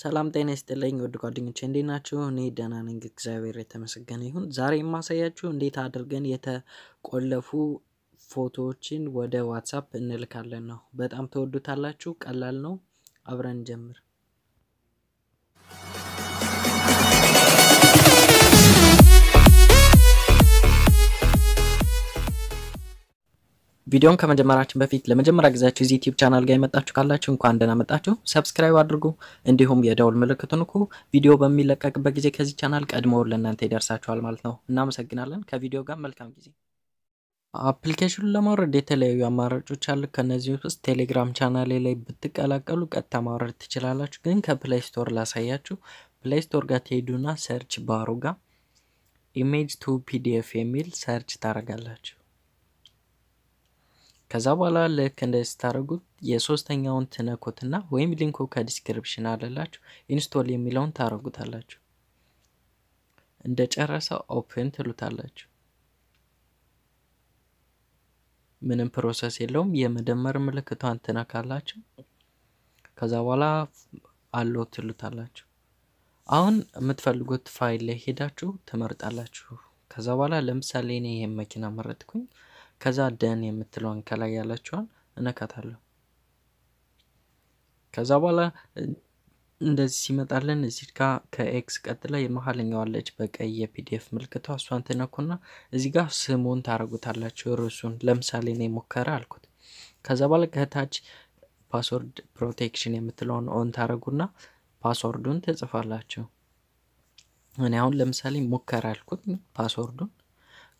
ሰላም ጤና ይስጥልኝ ውድ ጓደኞቼ እንዴት ናችሁ? እኔ ደህና ነኝ፣ እግዚአብሔር የተመሰገነ ይሁን። ዛሬ የማሳያችሁ እንዴት አድርገን የተቆለፉ ፎቶዎችን ወደ ዋትሳፕ እንልካለን ነው። በጣም ተወዱታላችሁ፣ ቀላል ነው። አብረን ጀምር። ቪዲዮን ከመጀመራችን በፊት ለመጀመሪያ ጊዜያችሁ እዚህ ዩቲዩብ ቻናል ጋር የመጣችሁ ካላችሁ እንኳን ደህና መጣችሁ። ሰብስክራይብ አድርጉ፣ እንዲሁም የደውል ምልክቱን ንኩ። ቪዲዮ በሚለቀቅበት ጊዜ ከዚህ ቻናል ቀድሞ ለእናንተ ይደርሳችኋል ማለት ነው። እናመሰግናለን። ከቪዲዮ ጋር መልካም ጊዜ። አፕሊኬሽኑን ለማውረድ የተለያዩ አማራጮች አሉ። ከነዚህ ውስጥ ቴሌግራም ቻናሌ ላይ ብትቀላቀሉ ቀጥታ ማውረድ ትችላላችሁ። ግን ከፕሌይ ስቶር ላሳያችሁ። ፕሌይ ስቶር ጋር ትሄዱና ሰርች ባሩ ጋር ኢሜጅ ቱ ፒዲኤፍ የሚል ሰርች ታደርጋላችሁ። ከዛ በኋላ ልክ እንደ ስታደርጉት የሶስተኛውን ትነኩትና ወይም ሊንኩ ከዲስክሪፕሽን አለላችሁ ኢንስቶል የሚለውን ታደርጉታላችሁ። እንደ ጨረሰ ኦፕን ትሉታላችሁ። ምንም ፕሮሰስ የለውም። የመደመር ምልክቷን ትነካላችሁ። ከዛ በኋላ አሎ ትሉታላችሁ። አሁን የምትፈልጉት ፋይል ላይ ሄዳችሁ ትመርጣላችሁ። ከዛ በኋላ ለምሳሌ እኔ ይሄን መኪና መረጥኩኝ። ከዛ ደን የምትለውን ከላይ ያለችዋን እነካታለሁ። ከዛ በኋላ እንደዚህ ሲመጣልን እዚህ ጋ ከኤክስ ቀጥላ የመሀለኛዋለች በቀይ የፒዲኤፍ ምልክቷ እሷን ትነኩና እዚህ ጋ ስሙን ታደርጉታላችሁ ርዕሱን። ለምሳሌ እኔ ሙከራ አልኩት። ከዛ በኋላ ከታች ፓስወርድ ፕሮቴክሽን የምትለውን ኦን ታደርጉና ፓስወርዱን ትጽፋላችሁ። እኔ አሁን ለምሳሌ ሙከራ አልኩት ፓስወርዱን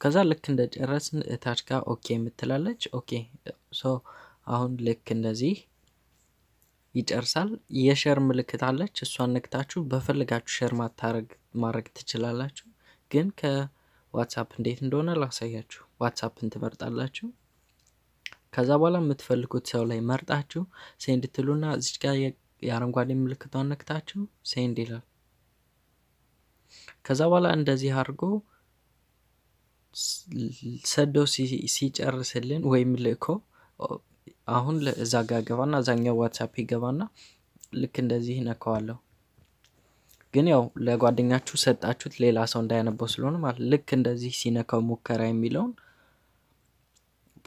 ከዛ ልክ እንደጨረስን እታች ጋር ኦኬ የምትላለች። ኦኬ ሶ አሁን ልክ እንደዚህ ይጨርሳል። የሸር ምልክት አለች። እሷን ነክታችሁ በፈልጋችሁ ሸር ማድረግ ትችላላችሁ። ግን ከዋትሳፕ እንዴት እንደሆነ ላሳያችሁ። ዋትሳፕን ትመርጣላችሁ። ከዛ በኋላ የምትፈልጉት ሰው ላይ መርጣችሁ ሴንድ ትሉና እዚች ጋር የአረንጓዴ ምልክቷን ነክታችሁ ሴንድ ይላል። ከዛ በኋላ እንደዚህ አድርጎ ሰዶ ሲጨርስልን ወይም ልኮ አሁን እዛ ጋ ገባና እዛኛው ዋትሳፕ ይገባና ልክ እንደዚህ ነከዋለሁ። ግን ያው ለጓደኛችሁ ሰጣችሁት ሌላ ሰው እንዳያነበው ስለሆነ ማለት ልክ እንደዚህ ሲነካው ሙከራ የሚለውን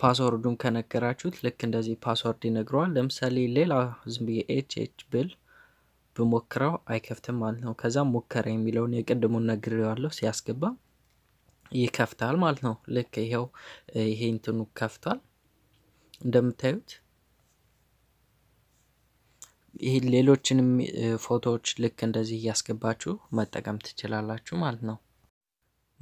ፓስወርዱን ከነገራችሁት ልክ እንደዚህ ፓስወርድ ይነግረዋል። ለምሳሌ ሌላ ዝም ብዬ ኤች ብል ብሞክረው አይከፍትም ማለት ነው። ከዛም ሙከራ የሚለውን የቅድሙን ነግሬዋለሁ ሲያስገባ ይከፍታል ማለት ነው። ልክ ይኸው ይሄ እንትኑ ከፍቷል እንደምታዩት። ይህ ሌሎችንም ፎቶዎች ልክ እንደዚህ እያስገባችሁ መጠቀም ትችላላችሁ ማለት ነው።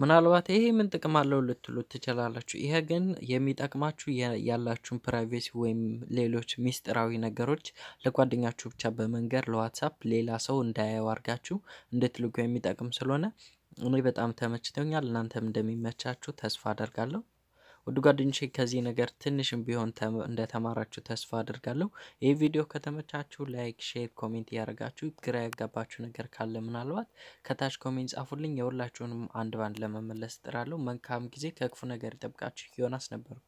ምናልባት ይሄ ምን ጥቅም አለው ልትሉ ትችላላችሁ። ይሄ ግን የሚጠቅማችሁ ያላችሁን ፕራይቬሲ ወይም ሌሎች ሚስጥራዊ ነገሮች ለጓደኛችሁ ብቻ በመንገድ ለዋትሳፕ ሌላ ሰው እንዳያየው አድርጋችሁ እንድትልኩ የሚጠቅም ስለሆነ እኔ በጣም ተመችተውኛል። እናንተም እንደሚመቻችሁ ተስፋ አደርጋለሁ። ውድ ጓደኞቼ ከዚህ ነገር ትንሽም ቢሆን እንደተማራችሁ ተስፋ አደርጋለሁ። ይህ ቪዲዮ ከተመቻችሁ ላይክ፣ ሼር፣ ኮሜንት እያደረጋችሁ ግራ ያጋባችሁ ነገር ካለ ምናልባት ከታች ኮሜንት ጻፉልኝ። የሁላችሁንም አንድ ባንድ ለመመለስ እጥራለሁ። መልካም ጊዜ፣ ከክፉ ነገር ይጠብቃችሁ። ዮናስ ነበርኩ።